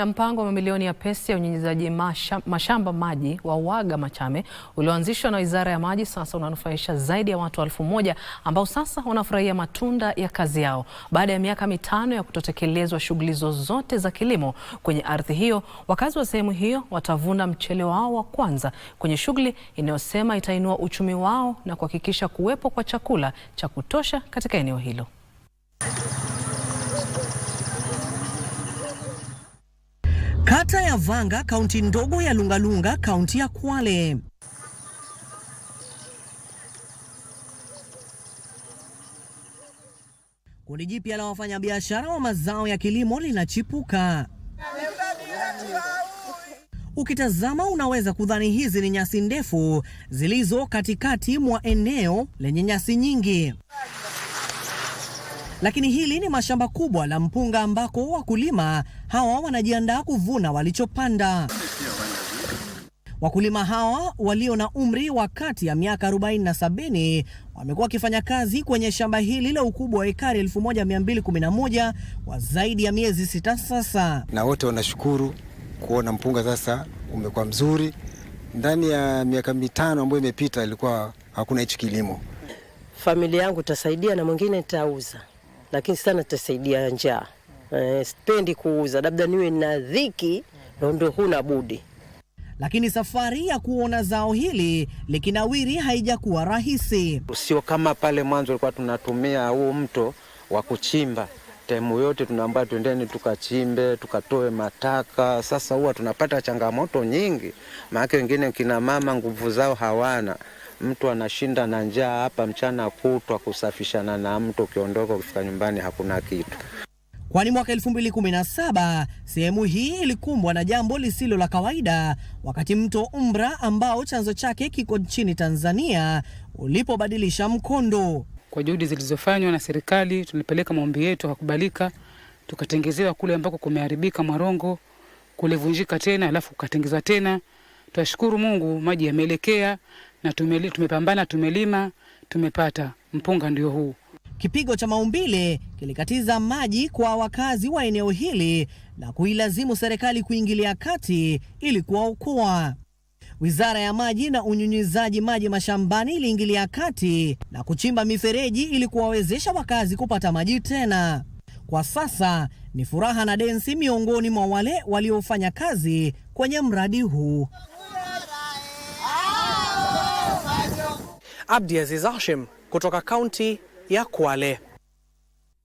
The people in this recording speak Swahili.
Na mpango wa mamilioni ya pesa ya unyunyizaji mashamba maji wa Waga Machame ulioanzishwa na Wizara ya Maji sasa unanufaisha zaidi ya watu elfu moja ambao sasa wanafurahia matunda ya kazi yao baada ya miaka mitano ya kutotekelezwa shughuli zozote za kilimo kwenye ardhi hiyo. Wakazi wa sehemu hiyo watavuna mchele wao wa kwanza kwenye shughuli inayosema itainua uchumi wao na kuhakikisha kuwepo kwa chakula cha kutosha katika eneo hilo. kata ya Vanga, kaunti ndogo ya Lungalunga, kaunti ya Kwale. Kundi jipya la wafanyabiashara wa mazao ya kilimo linachipuka. Ukitazama unaweza kudhani hizi ni nyasi ndefu zilizo katikati mwa eneo lenye nyasi nyingi. Lakini hili ni mashamba kubwa la mpunga ambako wakulima hawa wanajiandaa kuvuna walichopanda. Wakulima hawa walio na umri wa kati ya miaka 40 na 70 wamekuwa wakifanya kazi kwenye shamba hili la ukubwa wa ekari 1211 kwa zaidi ya miezi sita sasa, na wote wanashukuru kuona mpunga sasa umekuwa mzuri. Ndani ya miaka mitano ambayo imepita ilikuwa hakuna hichi kilimo. Familia yangu tasaidia na mwingine nitauza lakini sana tutasaidia njaa. Eh, sipendi kuuza, labda niwe na dhiki ndo huna budi. Lakini safari ya kuona zao hili likinawiri haijakuwa rahisi, sio kama pale mwanzo ulikuwa tunatumia huu mto wa kuchimba taimu yote tunaambia twendeni tukachimbe tukatoe mataka. Sasa huwa tunapata changamoto nyingi, maanake wengine kina mama nguvu zao hawana, mtu anashinda na njaa hapa mchana kutwa kusafishana na mtu, ukiondoka ukifika nyumbani hakuna kitu. Kwani mwaka 2017 sehemu hii ilikumbwa na jambo lisilo la kawaida wakati mto Umbra ambao chanzo chake kiko nchini Tanzania ulipobadilisha mkondo. Kwa juhudi zilizofanywa na serikali, tulipeleka maombi yetu, hakubalika, tukatengezewa kule ambako kumeharibika Mwarongo, kulivunjika tena, alafu kukatengezwa tena. Twashukuru Mungu, maji yameelekea na tumeli, tumepambana, tumelima, tumepata. Mpunga ndio huu. Kipigo cha maumbile kilikatiza maji kwa wakazi wa eneo hili na kuilazimu serikali kuingilia kati ili kuwaokoa. Wizara ya Maji na Unyunyizaji Maji Mashambani iliingilia kati na kuchimba mifereji ili kuwawezesha wakazi kupata maji tena. Kwa sasa ni furaha na densi miongoni mwa wale waliofanya kazi kwenye mradi huu. Abdiaziz Hashim kutoka kaunti ya Kwale.